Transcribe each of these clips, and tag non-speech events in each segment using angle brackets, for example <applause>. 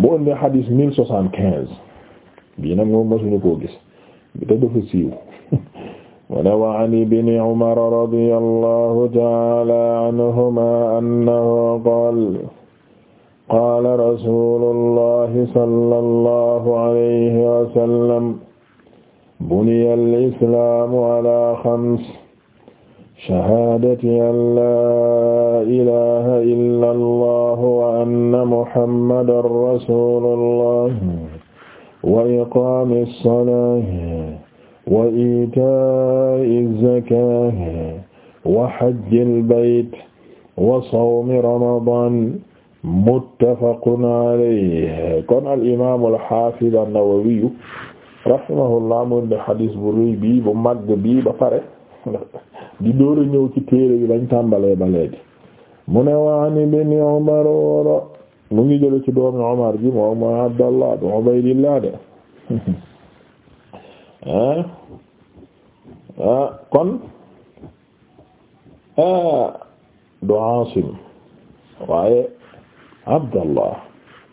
mu indi xadis mille soixante quinze bii nag moom masuñu koo gis te dafa siiw <laughs> mu ne wa an ibni umar radiyallahu ta'ala anhuma annahu qaala qaala rasuulullahi sallallahu alayhi wa sallam buniya al-islaamu ala xams shahaadati an laa ilaha illa allah wa anna muhammadan rasulullah wa iqaami salaati wa iitaa'i zakaati wa hajjil bayt wa sawmi ramadan muttafaqun alayhi kon al imaamul haafid an-Nawawi rahimahullah mu ne hadiis bu rëy bi bu mag bi ba pare di door a ñëw ci téere bi bañ tàmbalee ba léegi mu ne waan ibn Umar woro mu ngi jële ci doomi Umar ji moom mooy Abdallah du Ubaydillah de ah, ah kon ah, du Asim waaye Abdallah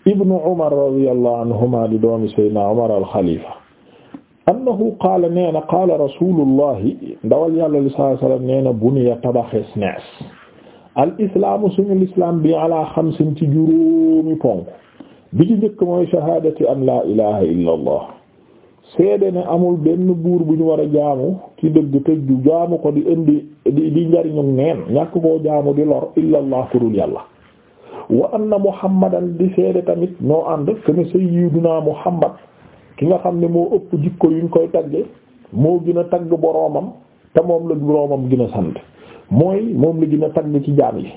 ibn Umar radiyallahu anhuma di doomi Seydina Umar al-Khalifa annahu qaala nee na qaala rasulullahi ndawal yàlla li sallallahu alayhi wa na buniya tabaxees nees al islaamu suñu lislaam bi ala xamsin ci juróomi ponk bi ci njëkk mooy shahaadati an laa ilaha illa allah seede ne amul benn buur bu ñu war a jaamu ci dëgg tëjju jaamu ko di indi di di njariñu neen ñàkk koo jaamu di lor illa allah kurul yàlla wa anna muhammadan di seede tamit noo ànd kene sayyiduna muhammad ki nga xam ne moo ëpp dikko jikko ñu koy taggee moo gën a tagg boroomam te moom la boroomam gën a sant mooy moom la gina a tagg ci jaam yi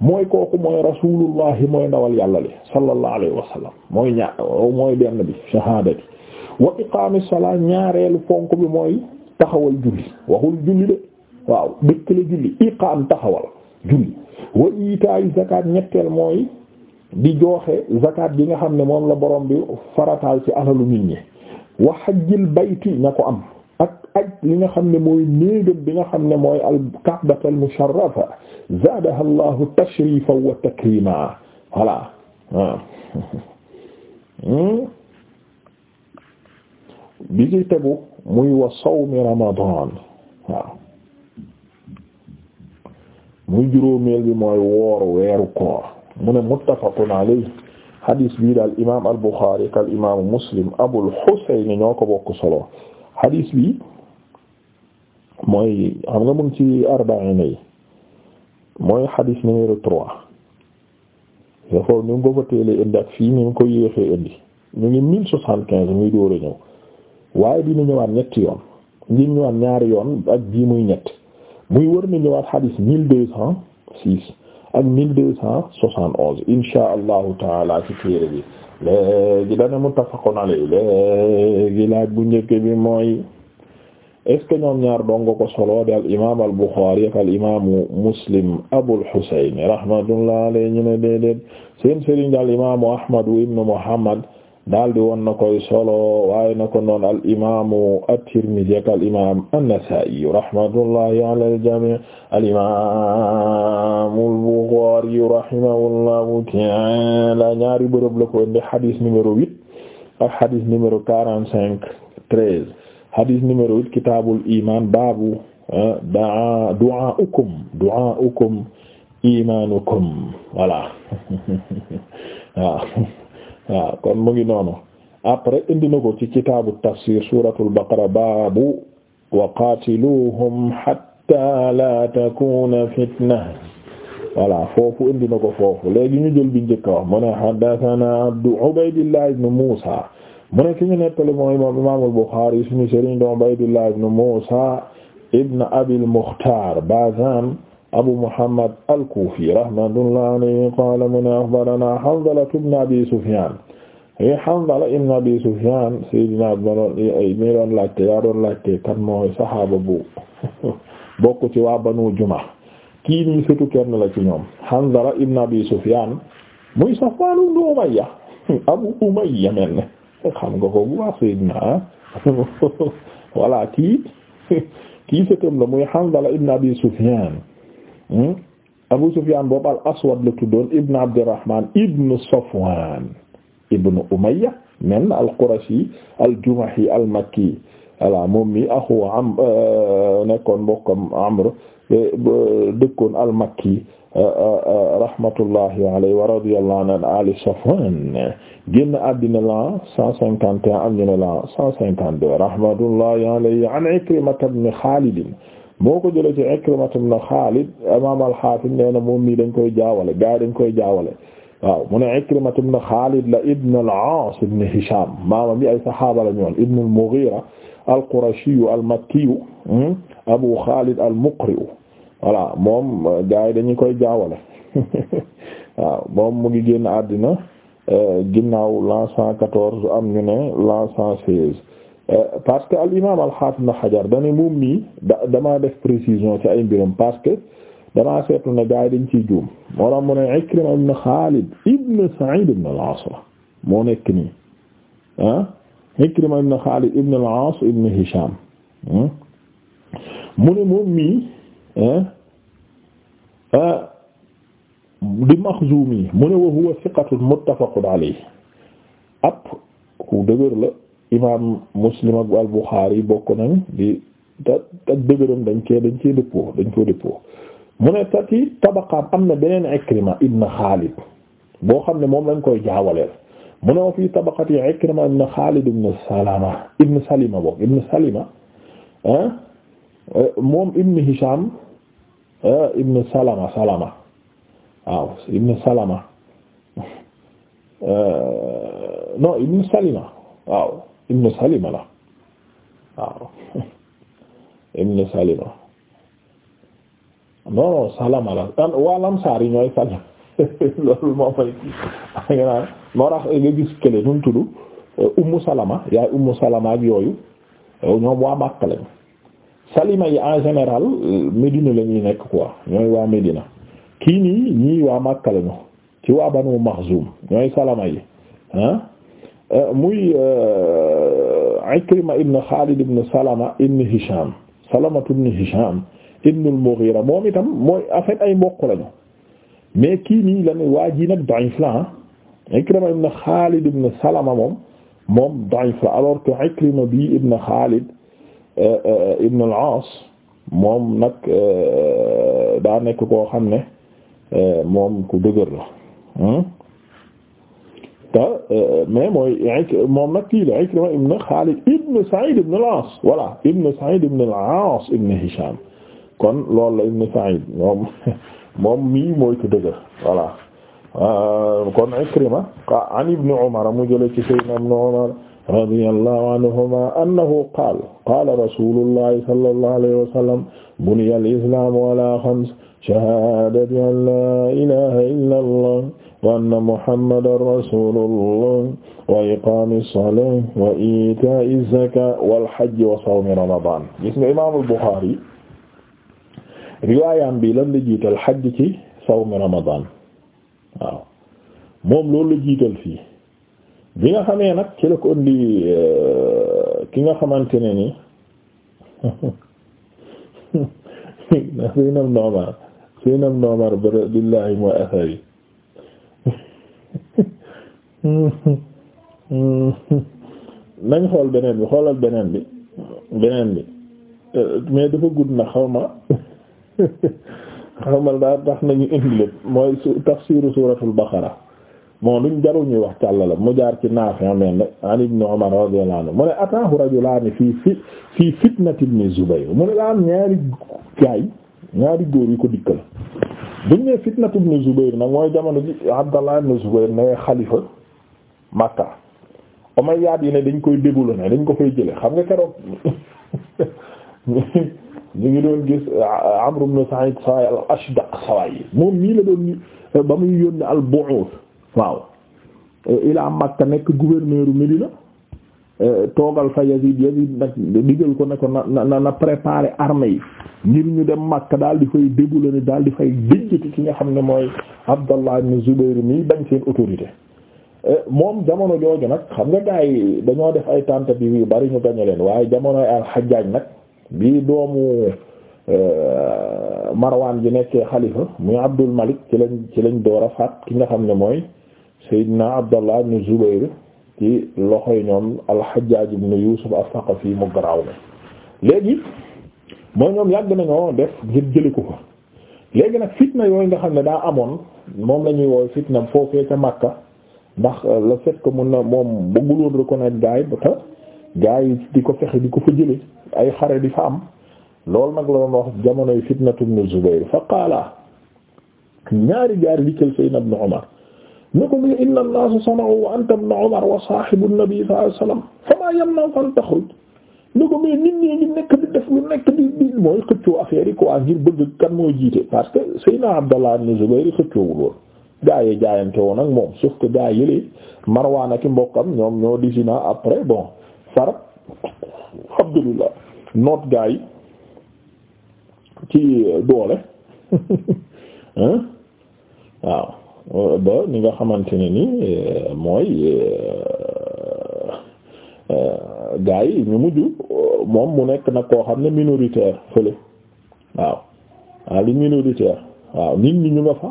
mooy kooku mooy rasulullahi mooy ndawal yàlla li sallallahu alayhi wa sallam mooy ñaar mooy benn bi shahaadati wa iqaami salaa ñaareelu ponk bi mooy taxawal julli waxul julli de waaw dëkk la julli iqaam taxawal julli wa itaayu zakat ñetteel mooy di jooxe zakat bi nga xam ne moom la borom bi farataal ci alalu nit ñi wa hajjil bayti ña ko am ak aj li nga xam ne mooy néegam bi nga xam ne mooy al ka'bata al musharrafa zaadaha allahu tashrifan wa takrima hmm? bi ci tegu muy wa sawmi ramadan waaw bi mooy woor weeru koor mu ne muttafaqun alayhi hadis bii daal imaam al buxaari ak al imaamu muslim abul xusayn ñoo ko bokk solo hadis bi mooy xam nga mu ngi ci arba'iin yi mooy hadis numéro trois il faut ñu ngi ko fa teelee indi ak fii ñu ngi ko yéexee indi ñu ngi mille soixante quinze muy door a ñëw waaye dina ñëwaat ñetti yoon ngir ñëwaat ñaari yoon ak bii muy ñett muy wër na ñëwaat hadis mille deux cent six. ak mille deux cent soixante onze insha taala ci bi léegi dana muttafaqun alayhi léegi laaj bu njëkk bi mooy est-ce ñoom ñaar dongo ko solo al imaam al Bukhari ak al imaamu Muslim Abul Husayn rahmatullah alayhi ñu ne déedéet seen sëriñ al imaamu Ahmad ibn Muhammad daal di woon na koy solo waaye na ko noon al imaamu at-Tirmidhi ak al imaam an-Nasaa'i rahmatullahi ala al-jamii' al imaamu al-Bukhaari rahimahullahu ta'aala ñaari bërëb la ko indi hadith numéro huit ak hadith numéro quarante cinq treize hadith numéro huit kitaabul iimaan baabu ah, du'aa du'aa'ukum du'aa'ukum iimaanukum voilà <laughs> waaw. waaw kon mu ngi noonu après indi na ko ci kitaabu tafsir suuratul baqara baabu wa qaatiluhum hatta la takuna fitna voilà foofu indi na ko foofu léegi ñu jël bi njëkk wax mu ne haddathana Abdu Ubaydillah ibn Musa mu ne ki ñu nettali mooy moom imaamul Bukhari suñu sëriñ doon Ubaydillah ibn Musa ibn Abil Mukhtar Bazan Abu Muhammad al-Kufi rahmatullahi alayhi qala mu ne akhbarana Hanzala ibn Abi Sufyan e Hanzala ibn Abi Sufyan Seydina banoon doon laajte yaa doon laajte kan mooy saxaaba bu <laughs> bokk ci waa Banu Juma kii nii surtout kenn la ci ñoom Hanzala ibn Abi Sufyan muy Safwan ibn <laughs> Abu Umayya mel ne xam nga ko bu baax Seydina ah <laughs> voilà kii kii sëtam la muy Hanzala ibn Abi Sufyan hmm? Abu Sufyan boobu Aswad la tuddoon ibn Abdurrahman ibn Safwan ibnu Umayya men al-Qurashi al-Jumahi al-Makki voilà moom mi axu am euh, nekkoon mbokkam Amr e, dëkkoon al-Makki euh, euh, rahmatullahi alayhi wa radiyallahu an ali Safwan génn àddina la 151 am ñu ne la 152 rahmatullahi alayhi an Ikrimah ibn Khalid moo ko jëlee ci Ikrimah ibn Khalid imam al-Hafiz nee na moom mi dañ koy jaawale gaa yi dañ koy jaawale waaw mu ne Ikrimatu ibn Xaalid la ibn al-Aas ibn Hishaam maama bi ay saxaaba la ñu woon ibn al-Mughiira al-Qurashiyu al-Makkiyu hmm, Abu Xaalid al-Muqri'u voilà moom euh, gars yi dañu koy jaawale <laughs> waaw moom mu ngi génn àddina euh, ginnaaw l'an cent quatorze am ñu ne l'an cent seize euh, parce que al-imaam al-Haafiz Ibn Hajar dañu moom mii da def précision ci ay mbiram parce que damaa seetlu ne dañ ciy juum. moo tax mu ne Ikrima ibn Xaalid ibn Sa'iid ibn al-Aas moo nekk nii ah Ikrima ibn Xaalid ibn al-Aas ibn Hishaam hmm? mu ne moom mii eh, eh, di Maxzuumi mu ne wa huwa siqatun muttafaqun alayhi ab ku dëgër la imaam Muslim al Buxaari bokk nañ di ta ta dëgëram dañ cee dañ cee dëppoo mu ne tati tabaqaam am na beneen Ikrima ibn Xaalid boo xam ne moom lañ koy jaawaleel mu ne wa fii tabaqati Ikrima ibn Xaalid ibn Salama ibn Salima boog ibn Salima ah, moom ibn Hisham ah, ibn Salama Salama waaw ibn Salama ah, non ibn Salima waaw ibn Salima la waaw <laughs> ibn Salima non salama la an waa lamsaar yi ñooy salama <laughs> loolu moo fay kii moo tax nga gis kële nu mu tudd euh, salama yaay ummu salama yooyu euh, ñoom waa Makka lañ salima yi en général euh, Médina lañuy nekk quoi ñooy waa Médina kii nii ñii waa Makka lañu ci waa Banu Maxzum ñooy salama yi ah muy Ikrima ibn Xaalid ibn Salama ibn Hisham Salamatu ibn Hisham ibnul Mughira moom itam mooy en fait ay mbokk lañu mais kii nii la ne waa ji nag da'if la ah. Ikrima ibn Xaalid ibn Salama moom moom da'if la alors que Ikrima bi ibn Xaalid euh, euh, ibn al-Aas moom nag euh, daa nekk koo xam ne moom ku dëgër la hmm? te mais mooy moom nag kii la Ikrima ibn Xaalid ibn Sa'iid ibn al-Aas voilà ibn Sa'iid ibn al-Aas ibn Hishaam kon loolu la ibn Sa'id moom <laughs> moom mii mooy ko dëgër voilà euh, kon Ikrima an ibn Umar mu jële ci sayyidina ibn Umar radiyallahu anhuma annahu qaala qaala rasulullahi sallallahu alayhi wa sallam buniya al-islamu ala khams shahadati an la ilaha illa allah wa anna muhammadan rasulullah wa iqamis salah wa ita'iz zakah wal hajj wa sawmi ramadan gis nga Imam al-Bukhari riwaayam bi lan la jiital xaj ci sawmi ramadan waaw moom loolu la jiital fii bi nga xamee nag ci la ko indi euh, ki nga xamante ne ni suy <laughs> nam noomar suy nam noomar bara billaahi mooy asar yi <laughs> nañ xool beneen bi xoolal beneen bi beneen bi euh, mais dafa gudd na xaw ma <laughs> <laughs> xamal daa tax nañu indi lépp mooy su tafsiru suuratul baqara moo luñ jarul ñuy wax càll mu jaar ci Naafi' mel ne an ibn Umar radiyallahu anhu mu ne ataahu rajulaani fii fi fii fitnati ibn Zubayr mu ne daan ñaari gaay ñaari góor yi ko dikkal duñ ne fitnati ibn Zubayr nag mooy jamono ji Abdallah ibn Zubayr ne xalifa Makka Umayyaad yi ne dañ koy déglu ne dañ ko koy jële xam nga keroog <laughs> ñu ngi doon gis euh, Amr ibn Sa'id Sawaay al-Ashdaq Sawaay moom mii la doon euh, ba muy yónni al-bu'uth waaw euh, ilaa Makka nekk gouverneur Médina toogal fa Yazid Yazid nag digal ko ne ko na na na préparer armée yi ngir ñu dem Makka daal di fay déglu ni daal di fay déjjati ki nga xam ne mooy Abdallah ibn Zubayr mii bañ seen autorité moom jamono jooju nag xam nga gars dañoo def ay tentative yu bari ñu gañe leen waaye jamonoy al-Hajjaj nag bi doomu euh, Marwan ji nekkee xalifa muy Abdul Malik ci lañ ci lañ door a faat ki nga xam ne mooy Seydina Abdallah ibn Zubayr loxo yi ñoom al-Hajjaj ibn Yusuf as fii mu garaaw ne léegi mooy ñoom yàgg nañoo def ngir jëli ko fa léegi nag fitna yooyu nga xam ne daa amoon moom la ñuy woow fitna foofee ca Makka ndax euh, le fait que mun na moom bëgguloon reconnaître gaay ba te gaay yi di ko fexe di ko fa jële ay xare di fa am loolu nag la doon wax jamonoy fitnatu ibn Zubayr fa qaala ñaari jaar dikkal Sayyidina ibn Umar ne ko mi inna an-naasa sana'u wa anta ibn Umar wa saahibu an-nabi sallallahu alayhi wa sallam famaa yamna'uka an taxruj ne ko mais nit ñi ngi nekk di def lu nekk di di mooy xëccoo affaire yi quoi ngir bëgg kan moo jiite parce que Seydina Abdallah ibn Zubayr xëccoowul woon gaa yi jaayante woon ak moom sauf que gaa yële Marwaan ak i mbokkam ñoom ñoo disina après bon far Abdullah noot gaa yi ci doole <laughs> waaw ba ni nga xamante ne ni euh, mooy euh, euh, gaa yi ñu mujj moom mu nekk nag koo xam ne minoritaire fële waaw waaw ah, li minoritaire waaw nit ñu nga fa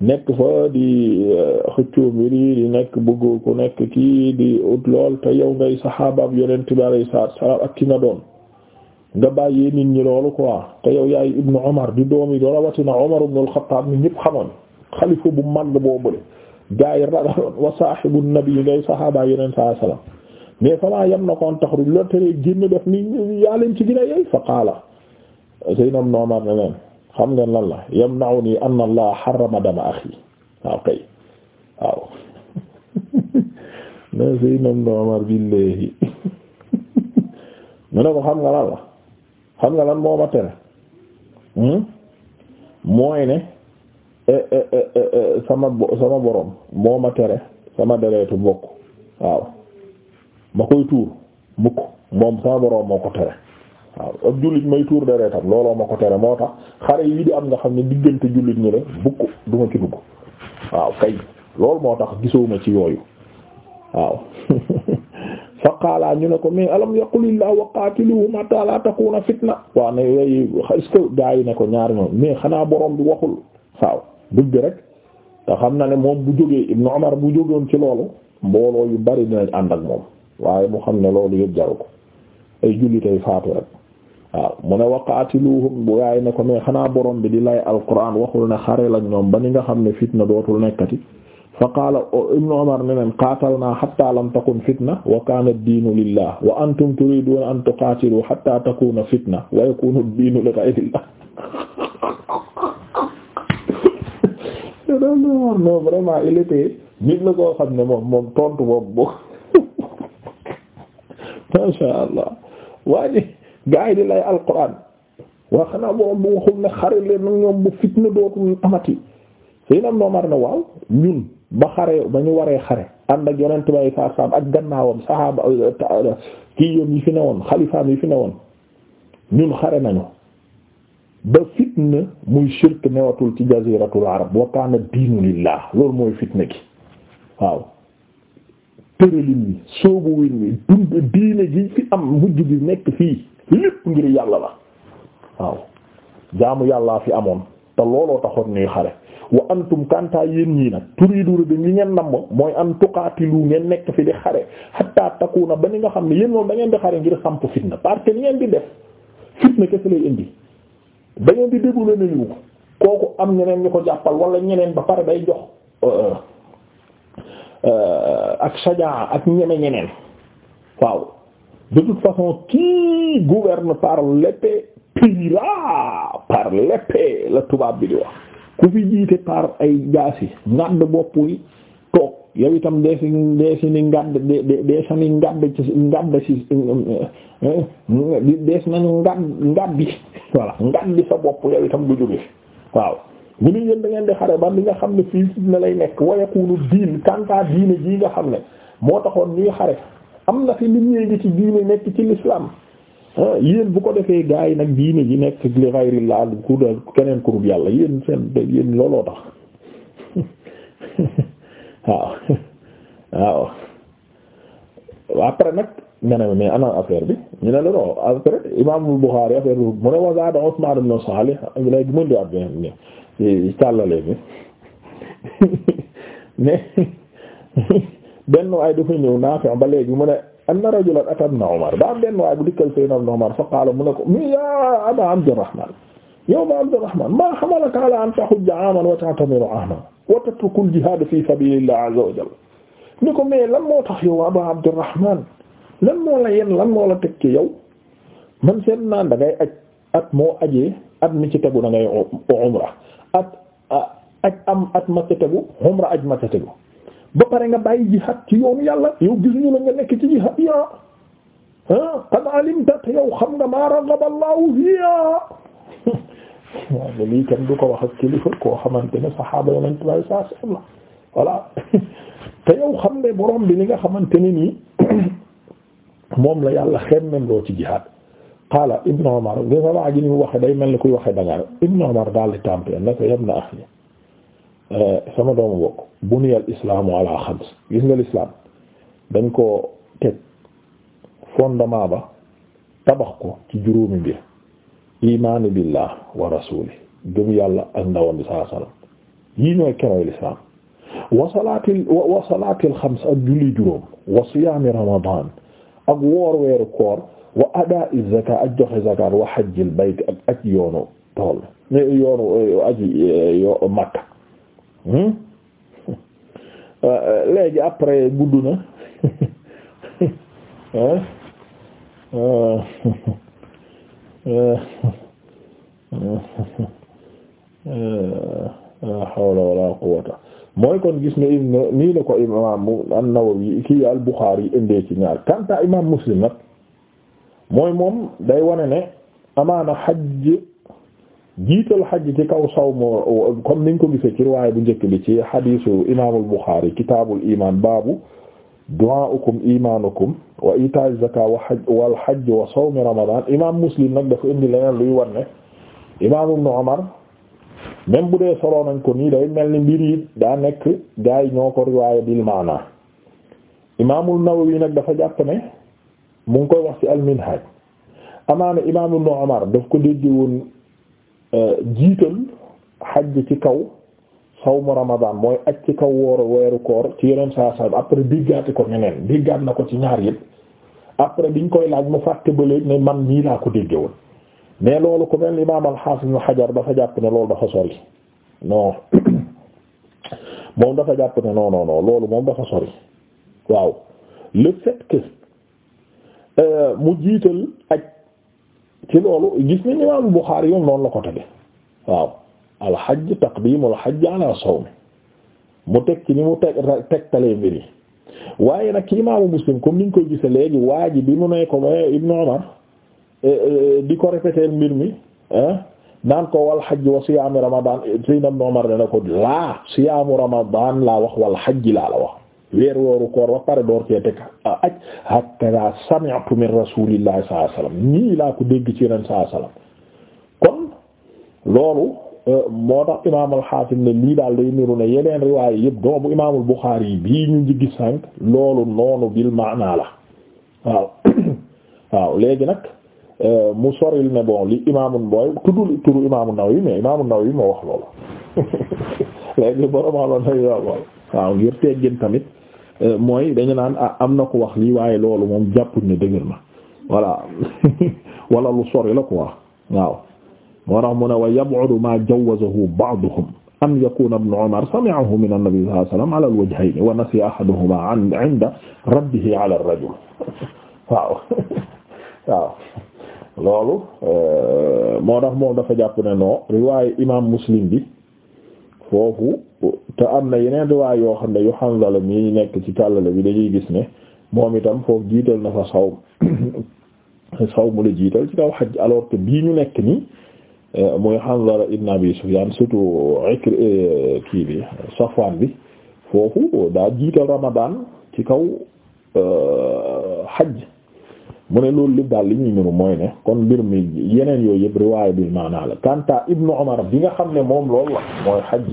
nekk fa di xëccoo mbir yi di nekk bëgg ku nekk kii di ut lool te yow ngay saxaabaab yonent bi alayhi salaatu salaam ak ki nga doon nga bàyyee nit ñi loolu quoi te yow yaay ibnu Omar di doomi do rawatina Omar ibn al-Khattab ni xamoon xalifa bu mag boobule gaa yi ragaloon wa saahibu nabi ngay sahaaba yeneen saa sallam mais fama yam na koon taxaru gën a yey fa qaala sayyidunaa ibnu Omar ne xam ngeen lan la yamna'unii anna Allah harrama mu <laughs> <laughs> ne ko xam nga lan xam nga lan moo ma tere hmm? mooy ne eh, eh, eh, sama sama borom moo ma tere sama dereetu mbokk waaw ma koy tuur mukk moom sama borom moo ko tere waaw ak jullit may tuur dereetam looloo ma ko tere moo tax xare yi di am nga xam ne diggante jullit ñi rek bukk du ma ci dugg waaw kay loolu moo tax gisuma ci yooyu waaw <laughs> fa qaala ñu ne ko mais alam yaqulillahu wa qatiluhum hatta la takuna fitna waaw ne yooyu est-ce que gaa ne ko ñaari ñoom mais xanaa borom bi waxul waaw dugg rek te xam na ne moom bu jógee Ibnu Umar bu jógoon ci loolu mbooloo yu bari dinañ ànd ak moom waaye mu xam ne loolu yëpp jaru ko ay jullitay faatu rek waaw mu ne wa qaatiluhum bu gaa yi ne ko mais xanaa borom bi di lay alquran waxul ne xare lañ ñoom ba ni nga xam ne fitna dootul nekkati fa qaala ibnu umar ne leen qaatalnaa hatta lam takun fitna wa kaana lillah wa antum turiduuna an tuqaatilu hatta takuna fitna wa yakunu diinu li ghayrillah nit la xam ne moom moom tontu boobu boo <laughs> masha allah waa ji di lay alquran wax na moom bu ne xare leen ñoom bu fitna dootul amati sëy nam noomar ne waaw ñun ba xare ba ñu waree xare ànd ak yonent bay sarsam ak gannaawam saxaaba kii yoon yi fi newoon xalifaam yi fi newoon ñun xare nañu ba fitna muy shirk newatul ci jaziratul arab wa kaana diinu lillah loolu mooy fitna gi waaw gi fi am mujj gi nekk fii lépp ngir yàlla la waaw jaamu yàllaa fi amoon te looloo taxoon ñuy xare wa antum kantaa yéen ñii nag turiidu da li ngeen namm mooy am an tuqaatilu ngeen nekk fi di xare hatta takuna ba ni nga xam ne yéen moom da ngeen di xare ngir samp fitna parce que li ngeen di def fitna kese indi da ngeen di déglu ne ñu kooku am ñeneen ñu ko jàppal wala ñeneen ba pare day jox euh, euh, ak sajaa ak ñeme ñeneen waaw de toute façon qui gouverne par l'épée payera par l'épée la tubaab bi di wax ku fi jiite par ay jaasi ngàdd bopp yi toog yow itam dee si ni ngàdd de de dee sa ni ngàdd ci ngàdd si eh, eh, dees nañu ngàdd ngàddi voilà ngàddi sa bopp yow itam du jóge waaw bu ni yéen da ngeen di xare ba li nga xam ne fii na lay nekk wayakulu diin kantaa diine jii nga xam ne moo taxoon ñuy xare am na fi nit ñi ngi ci diine nekk ci l'islam Ah yéen bu ko defee gaa yi nag diine ji nekk li xayri laal ku dal keneen ku dul yàlla yéen seen yéen looloo tax <laughs> waaw waaw après nag nga ne mais ana affaire bi ñu ne la non après Imaam Bukhari affaire bi mu ne wazaada Usmaan ibn Saalih léegi mën di addi ne càllale bi mais <laughs> <laughs> benn waay dafa ñëw Naafi' ba léegi mu ne anna rajulan ata ibn Umar daa am benn waay bu dikkal sayyidina ibn Umar fa qaala mu ne ko mi yaa Abaa Abdurrahmaan yow ma Abdurrahmaan maa hamalaka alaa an tahujja aaman wa ta'tamira aaman wa tatruka al-jihaad fii sabiilillaah azza wa jalla ni ko mais lan moo tax yow Abaa Abdurrahmaan lan moo la yen lan moo la tekki yow man seen naan da ngay aj at moo ajee at mi ci tegu da ngay umra at aj am at ma ci tegu umra aj ma ci tegu ba pare nga bàyyi jihad ci yoonu yàlla yow gisuñu la nga nekk ci jihad yaa ah, qad alimta te yow xam nga maa raghaba Allahu fiya <laughs> waaw mais lii kenn du ko wax ak kilifa koo xamante ne saxaaba yonent bi sallallahu alayhi wasallam voilà <laughs> te yow xam ne borom bi li nga xamante ne nii <coughs> moom la yàlla xemmem loo ci jihaad qaala Ibn Umar dafa waa ji ni wax waxee day mel ni kuy waxee dangaa Ibn Umar daal di tàmpee ne ko yabna axi Eh, sama doomu bokk buniyal islaamu ala xams gis nga lislaam dañ ko teg tabax ko ci juróomi mbir imaani billah wa rasuli gëm yàlla ak ndawam bi wa salaatil wa xams ak julli juróom wa siyaami ramadan ak woor weeru koor wa adaa'i zakat ak joxe zakat wa hajjil bayt ak ak yoonu tool eh, yoonu eh, aji yo Makka Hmm? <laughs> Euh, euh, léegi après gudd na la <laughs> euh, <laughs> hawla wala quwwata mooy kon gis ne nii la ko imaam an-Nawawi kii al-Bukhari indee ci ñaar kanta imaam Muslim nag mooy moom day wane ne amaana hajj jiital xaj ci kaw saw moo comme niñ ko gisee ci riwaaya bu njëkk bi ci xadiisu imaamul Buxaari kitaabul imaan baabu du'aa'ukum iimaanukum wa iitaa'i zakaa wa xaj wa sawmi ramadaan imaam Muslim nag dafa indi leneen luy wan ne imaam Ibnu Umar même bu dee soloo nañ ko nii day mel ni bi yi daa nekk gaa yi ñoo ko riwaaya bil maana imaamul Nawawi nag dafa jàpp ne ngi koy wax ci al-Minhaaj amaana imaam Ibnu Umar daf ko dégg woon jiital xaj ci kaw sawmu ramadan mooy aj ci kaw wooru weeru koor ci yeneen saa saa après diggaati ko ñeneen diggaat na ko ci ñaar yëpp après biñ koy laaj mu fàtte ba léegi ne man nii laa ko dégge woon mais loolu ku mel imaam al-Hafiz Ibn Hajar dafa jàpp ne loolu dafa sori noo <coughs> moom dafa jàpp ne non loolu moom dafa sori waaw le fait que euh, mu jiital aj ci loolu gis nañ imaam Buxaari yoom noonu la ko tege waaw alxaj taqdimul xaj ala sawmi mu teg ci ni mu teg tegtalee mbir yi waaye nag ci imaamu Muslim comme niñ koy gise léegi waa ji bi mu ne ko eh, Ibnu Umar eh, eh, di ko répéter mbir mi naan ko wal xaj wa siyaamu ramadaan Seydina Ibnu Umar dana ko laa siyaamu ramadaan laa wax wal xaj laa la wax weer wooru koor ba pare door cee teg ah aj hatta sami'tu min rasulillahi sallallahu nii laa ko dégg ci ren sallallahu alayhi wasallam kon loolu e, moo tax imaamul xaatim ne lii daal day niru ne yeneen riwaay yëpp doomu imaamul Buxaari yi bii ñu njëggi sànq loolu noonu bil maanaa la <coughs> waaw léegi nag e, mu soril ne bon li imaamul booy tuddul turu imaamul Nawawi mais imaamul Nawawi moo wax loolu <laughs> léegi borom xamal na yow waaw ngir teggin tamit Euh, mooy dañu naan ah am na ko wax lii waaye loolu moom jàppuñ ne dëgër na voilà <laughs> wala lu sori la quoi waaw moo tax mu ne wa yab'udu ma jawazahu ba'duhum an yakuna ibn Umar sami'ahu min an-nabi sallallahu alayhi wa sallam ala al-wajhayn wa nasiya ahaduhuma 'inda rabbihi 'ala ar-rajul <laughs> waaw <laughs> waaw loolu euh, moo tax moom dafa jàpp ne non riwaayu imaam Muslim bi foofu te am na yeneen riwaay yoo xam ne yu Hanzala mii nekk ci tallale bi dañuy gis ne moom itam foofu jiital na fa saw <coughs> saw mu la jiital ci kaw xaj alors que bii ñu nekk nii euh, muy Hanzala ibn Abi Sufyan surtout ikr euh, kii bi Safwan bi foofu daa jiital Ramadan ci kaw euh, xaj mu ne loolu lépp daal li ñuy niru mooy ne kon mbir mi yeneen yooyu yëpp riwaaya bil maanaa la kanta ibnu umar bi nga xam ne moom loolu la mooy xaj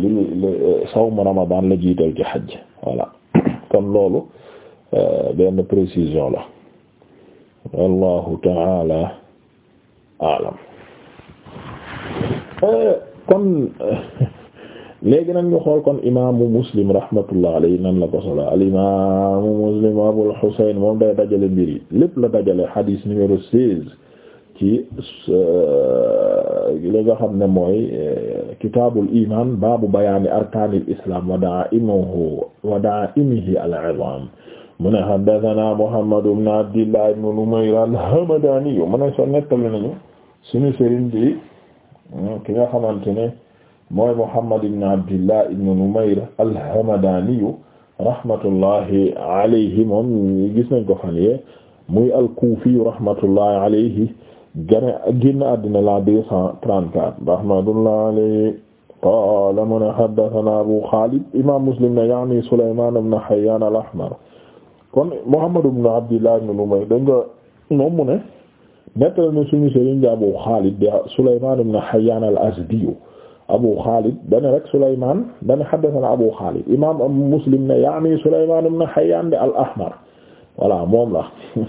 li li eh, sawmu ramadan la jiital ci xaj voilà <coughs> kon loolu eh, benn précision la wallahu taala alam eh, kon léegi nag ñu xool kon imaamu muslim rahmatullah alayhi ko solo al imaamu muslim abul husayn moom day dajale mbir lépp la dajale hadis numéro 16 ci euh, li nga xam ne mooy euh, kitaabul iman baabu bayaani arkaanil islam wa daa'imuhu wa al-'izaam mu ne haddasanaa Muhammad ibn Abdillah ibn Numayr al-Hamdaani mu ne soo nettali nañu suñu sëriñ bi ki nga xamante ne. mooy Muhammad ibn Abdillah ibn Numayr al-Hamadaniyu gis nañ ko fan yee muy al-Kufiyu rahmatullahi gane génn àddina la 234 rahmatullahi alayhi qaala mu ne haddathana Abu Khalid imam Muslim ne yaani Sulayman ibn Hayyan al kon Muhammad ibn Abdillah ibn Numayr dañ ko moom mu ne nettali na Abu Khalid Sulayman ibn Hayyan al Abu Xaalid dana rek Souleymane dana haddathana Abu Xaalid imaam Muslim ne yaani Souleymane ibn Hayyan al-Ahmar voilà moom la <laughs>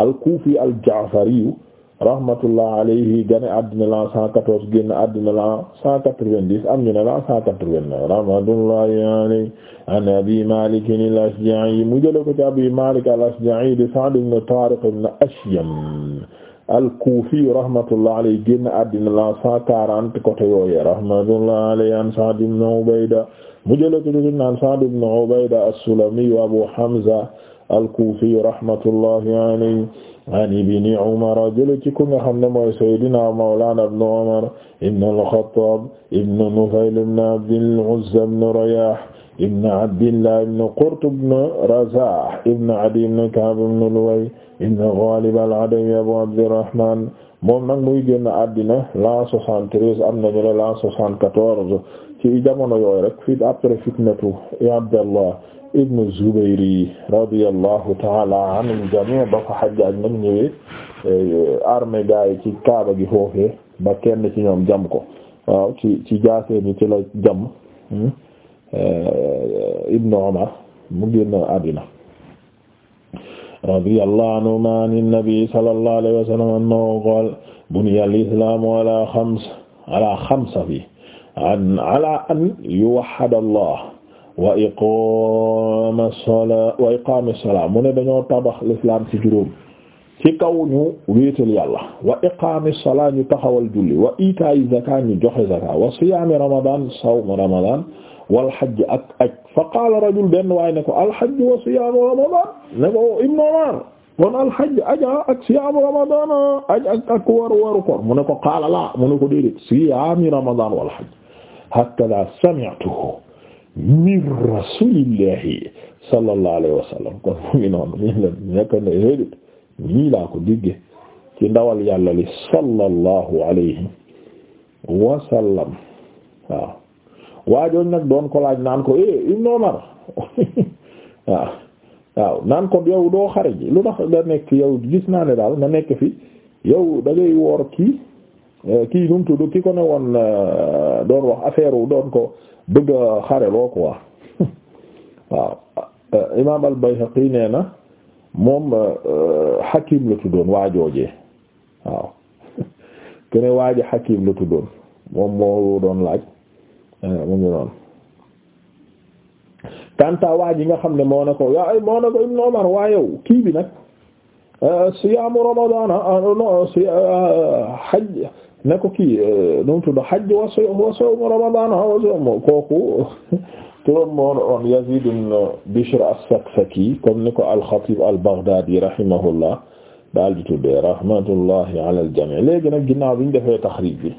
al-Kufi al-Ja'fari rahmatullah alayhi gane àddina la 114 génn àddina la 190 am ñu ne la 189 rahmatullahi alayhi an Abi Malik al-Ashja'i mu jël ko ci Abi Malik al-Ashja'i de Sa'd ibn Tariq ibn Ashyam al-Kufi rahmatullah alayhi génn àddina la 140 côté yooyee rahmatullah alayhi an Sa'd ibn Ubayda mu jëlee ko ci naan Sa'd ibn Ubayda as-Sulami wa Abu Hamza al-Kufi rahmatullah alayhi an Ibn Umar jëlee ci ku nga xam ne mooy Seydina Mawlana ibn Umar ibn al-Khattab ibn Nufayl ibn Abd al-Uzza ibn Riyah ibn abdillah ibn qurt ibn razah ibn adi ibn ka'b ibn luway ibn ghalib al-adawi abu abdurrahman moom nag muy génn àddina la 73 am nañu ne la 74 ci jamono yooyu rek fi après fitnatu abdallah ibn zubayri radiyallahu ta'ala anil jami' ba fa Hajjaj nag ñëwee eh, armée gaa yi ci kaaba gi foofee ba kenn ci ñoom jam ko waaw ci ci jaasee bi ci la jam hmm? Euh, ibnu Umar mu génn àddina radiyallahu anhuma an nabi sallallahu alayhi wa sallam annahu qaala buniya al-islaamu ala xams ala xamsa fi an ala an yuwahhida Allah wa iqaama as-salaa wa iqaami as-salaa mu ne dañoo tabax l'islam ci juróom ci kaw ñu wéetal yàlla wa iqaami as-salaa ñu taxawal julli wa iitaa'i zakaat ñu joxe zakaat wa siyaami ramadaan sawm ramadaan wal hajj ak aj fa qaala rajul benn waaye ne ko al hajj wa siyaamu ramadan ne ko ibnu Umar kon al hajj aja ah ak siyaamu ramadan ah, aj ak ak war waru koor mu ne ko qaala la mu ne ko déedéet siyaami ramadan wal hajj hakada sami'tuhu min rasulillahi sallallahu alayhi wa sallam kon mu ngi noonu mi la nekk ne déedéet nii laa ko digge ci ndawal yàlla li sallallahu alayhi wa sallam waaw waajooj nag doon ko laaj naan ko eh Ibn Umar <laughs> waaw waaw naan ko yow doo xare ji lu tax nga nekk yow gis naa ne daal nga nekk fi yow da ngay woor kii eh, kii nu mu tudd ki ko ne woon eh, doon wax affaire wu doon ko bëgg a xare loo ko wax <laughs> waaw eh, imaam al-Bayhaqi nee na moom Hakim la tuddoon waajoojee waaw <laughs> kene waaji Hakim la tuddoon moom moo doon laaj Eh, mu ngi noonu kanta waa ji nga xam ne moo ne ko yaa moo ne ko Ibn Umar waa yow kii bi nag eh, siyaamu ramadaan ah, non si eh, hajj ne ko kii nu mu tudd hajj wa siyaamu ramadaan kooku <laughs> turam moo doon Yazid ibn Bishr as-Saksaki comme ni ko al-Khatib al-Baghdadi rahimahullah daal di tuddee rahmatullahi ala al-jami' léegi nag ginnaaw bi ñu defee taxriij bi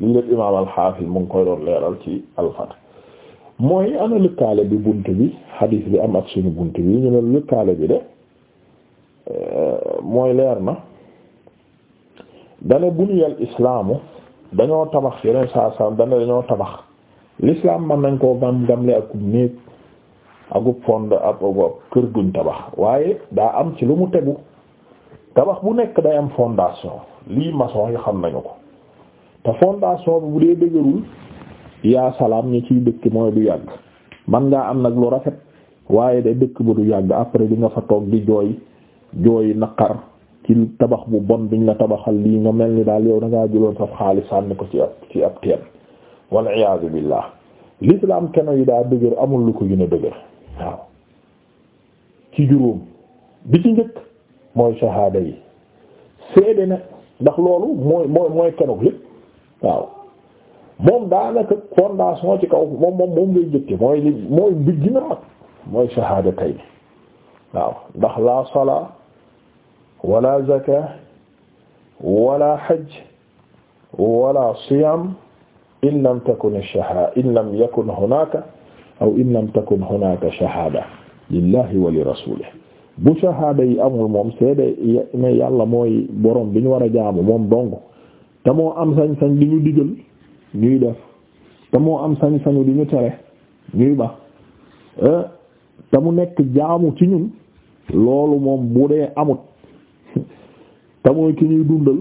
li lépp imaam al-Hafiz mu ngi koy doon leeral ci al mooy ana lëkkaale bi bunt bi hadith bi am ak suñu bunt bi ñu ne lëkkaale bi de euh, mooy leer na dane buniyal islaamu dañoo tabax yeneen saa saa dane dañoo tabax l'islam man nañ koo gam gamle ak ub néeg akub fond ak kër guñ tabax waaye daa am ci lu mu tegu tabax bu nekk day am fondation lii maçon yi xam nañu ko te fondation bi bu dee dëgërul yaa salaam ñi ciy dëkk mooy du yàgg man ngaa am nag lu rafet waaye de dëkk ba du yàgg après di nga fa toog di jooy jooy naqar ci tabax bu bon biñ la tabaxal lii nga mel ni daal yow da ngaa juloon saf xaalis sànni ko ci ab ci ab teen wal iyaazu billah l'islam keno yi daa dëgër amul lu ko gën a dëgër waaw ci juróom bi ci njëkk mooy shahada yi seede ne ndax loolu mooy mooy mooy kenoog lépp waaw moom daanaka fondation ci kaw moom moom moom ngay jëkke mooy li mooy bi gën a mag mooy shahaadatay ni waaw ndax la salaa wala zakat wala hajj wala siyam in lam takun ash-shahaada in lam yakun hunaaka aw in lam takun hunaaka shahaada lillahi wa li rasuulihi bu shahaada yi amul moom seede ne yàlla mooy borom bi ñu war a jaamu moom dong te moo am sañ-sañ di ñu digal ñuy def te am sañ-sañu di ñu tere ñuy ba eh, te mu nekk jaamu ci ñun loolu moom bu dee amut <laughs> te ki ñuy dundal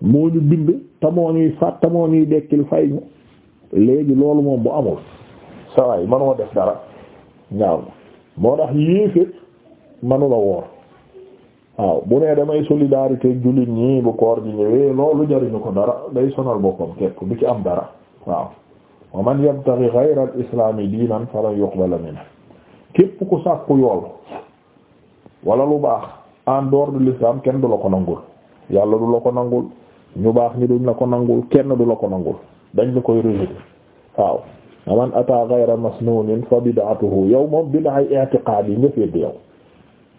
moo ñu bind te moo ñuy faat te ñuy dekkil fay ñu léegi loolu moom bu amul sawaay manoo def dara ñaaw moo tax yéeféet manula woor waaw bu nee damay solidarité jullit ñi bu koor gi loolu jariñu ko dara day sonal boppam képp du ci am dara waaw man yabtaghi ghayra al-islami diinan falan yuqbala minhu képp ku sàkku yool wala lu baax en dehors de l'islam kenn du la ko nangul yàlla du la ko nangul ñu baax ñi duñ la ko nangul kenn du la ko nangul dañ la koy rejeter waaw wa man ata ghayra masnunin fa bid'atuhu yow moom bid'a i'tiqadi nga fedd yow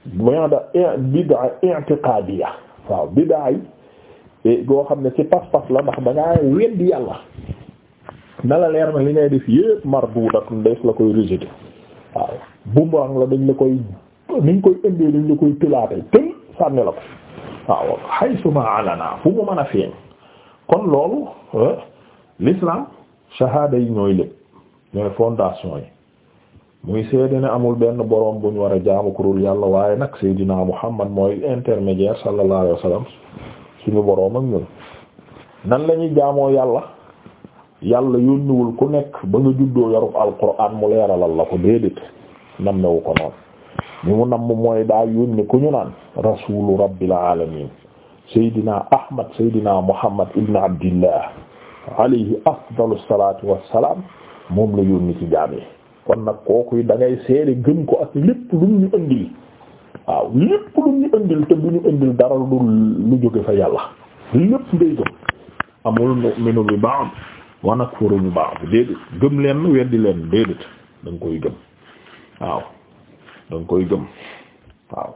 bada bid'a i'tiqadiyya waaw bid'a yi e, goo xam ne ci pas-pas la ndax da ngaa weddi yàlla na la leer na li ngay def yépp mardudatun des la koy rejeté waaw bumerang la dañ la koy niñ koy indee dañ la koy tëlaate tël sànni la ko waaw haythuma alana fu mu mën a feeñ kon loolu eh, l'islam shahada yi ñooy lépp ñooy fondation yi muy seede ne amul benn boroom buñ war a jaamu kurul yàlla waaye nag seydina muhammad mooy intermédiaire sallallahu alayhi wa sallam suñu boroom ak ñun nan lañuy jaamoo yàlla yàlla yónniwul ku nekk ba nga juddoo yarub alquran mu leeralal la ko déedéet nammewu ko noonu ni mu namm mooy daa yónni ku ñu naan rasulu rabbil alamin seydina ahmad seydina muhammad ibn abdillah alayhi afdalu salatu wassalam moom la yónni ci jaam kon nag kooku yi dangay seede gëm ko ak lépp lu ñu indil waaw lépp lu ñu indil te du ñu indil dara lu lu jóge fa yàlla lépp ngay gëm amul mu'minu bi ba'd wa nakfuru bi déedéet gëm leen weddi leen déedéet da koy gëm waaw da koy gëm waaw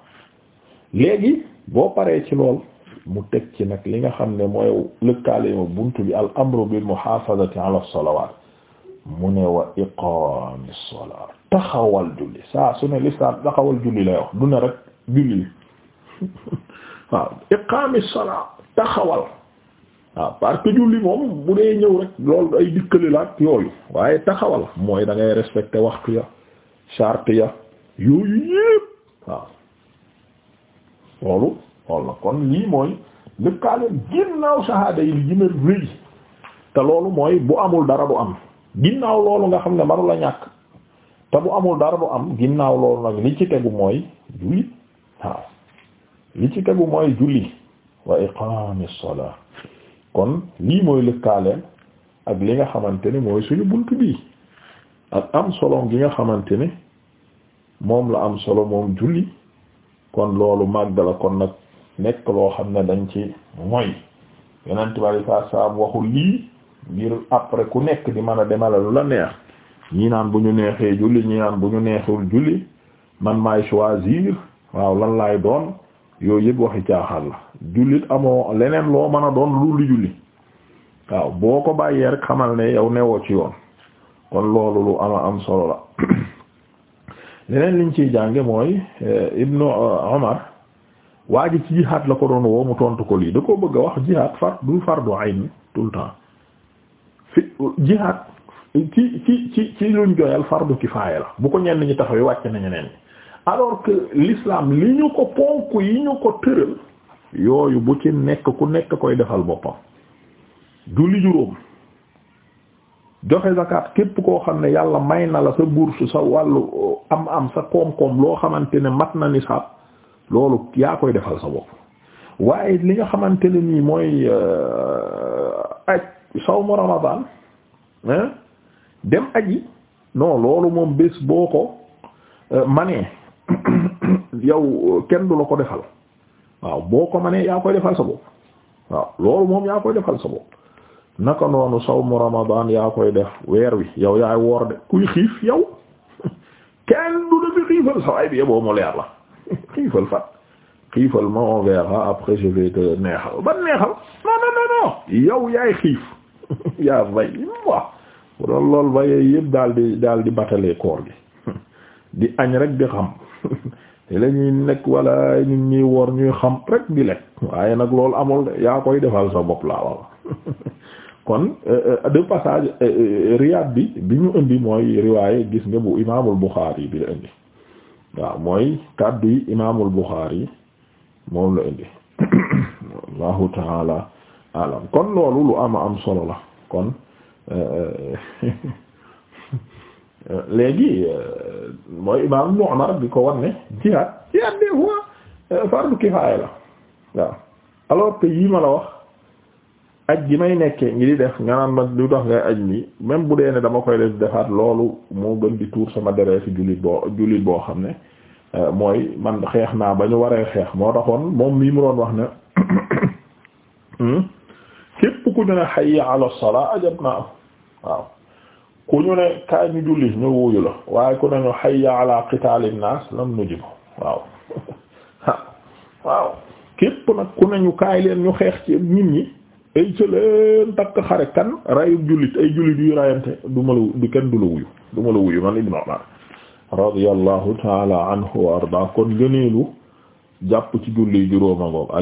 léegi boo paree ci lool mu teg ci nag li nga xam ne mooy lëkkaale ma buntu bi al amru bil muhafazati ala salawat mu ne wa iqaami salaa taxawal julli saa su ne lislaam taxawal julli lay wax rek julli <laughs> waaw iqaami salaa taxawal waaw parce que julli moom bu dee ñëw rek loolu ay dikkali la ak yooyu waaye taxawal mooy dangay ngay waxtu ya charte ya yooyu yépp waaw loolu loolu kon lii mooy lëkkaale ginnaaw sahaada yi li gën a te loolu mooy bu amul dara du am ginnaaw loolu nga xam ne manu la ñàkk te bu amul dara du am ginnaaw loolu nag li ci tegu mooy julli waaw li ci tegu mooy julli wa iqamis salaa kon lii mooy lëkkaaleen ak li nga xamante ne mooy suñu solo gi nga xamante ne moom la am solo moom julli kon loolu màgg la kon nag nekk loo xam ne dañ ci mooy yeneen tubaab yi waxul lii. ngir après ku nekk di man a demale lu la neex ñii naan bu ñu neexee julli ñii bu ñu neexul julli man maay choisir waaw lan laay doon yooyu yëpp waxi caaxaan la jullit amoo leneen loo mën a doon lu lu julli waaw boo ko bàyyee rek xamal ne yow newoo ci yoon kon loolu lu ama am solo la <coughs> leneen liñ ciy jànge mooy eh, ibnu Umar eh, waa ji ci jihaad la ko doon woo mu tontu ko lii da ko bëgg a wax jihaad far du fardu ayn tout le temps fi jihaad ci ci ci ci luñ joyal fardu kifaaya la bu ko ñenn ñi taxawee wàcc na neen ñi alors que l'islam li ñu ko ponk yi ñu ko tëral yooyu bu ci nekk ku nekk koy defal boppam julli juróom joxe zakat képp koo xam ne yàlla may na la sa bourse sa wàllu uh, am am sa koom-koom loo xamante ne mat na nisaab loolu yaa koy defal sa bopp waaye li nga xamante nii mooy uh, sawmu ramadan dem aji non loolu moom bés boo ko euh, manee <coughs> yow euh, kenn du la ko defal waaw boo ko manee yaa koy defal sa bopp waaw loolu moom yaa koy defal sa bopp naka noonu sawmu ramadan yaa koy def weer wi yow yaay woor de kuy xiif yow <laughs> kenn du dafi xiifal sa bi yeboo mu leer la <laughs> xiifal fan xiifal ma on verra après je te neexal ban neexal non non non non yow yaay xiif yaa bay waaw bu doon lool vayee yëpp daal di daal di batalee koor gi <laughs> di añ rek di xam <laughs> te la nekk wala ñun ñuy woor ñuy xam rek di lekk waaye nag loolu amul yaa koy defal sa bopp laa wax <laughs> kon euh, euh, de passage euh, riyaad bi bi ñu indi mooy riwaaye gis nga bu imaamul Buxaari bi la indi waaw mooy kàddu yi imaamul yi moom la indi <coughs> allahu taala alam kon loolu lu ama am solo la kon euh, euh, <laughs> léegi euh, mooy imaam Ibnu Umar bi ko wan ne jihaad jihaad des fois fardu kifaaya la waaw alors que yii ma la wax aj gi may nekkee ngi di def nga naan ma lu tax ngay aj mi même bu dee ne dama koy def defaat loolu moo gën di tuur sama dereeti jullit boo jullit boo xam ne mooy man xeex naa ba ñu waree xeex moo taxoon moom mii mu doon wax ne <coughs> hmm? képp ku ñu ne hayya ala salaa ajab naa waaw ku ñu ne kaay ñu julli ñu wuyu la waaye ku ne ñu hayya ala naas lam nujib waaw <laughs> ah, waaw képp nag ku ne ñu kaay leen ñu xeex ci nit ñi ay cëleen takk xare kan rayub ay jullit yuy rayante du ma du kenn man Ibn Umar radiyallahu taala anhu wa arda kon gëneelu jàpp ci julli juróoma ngoog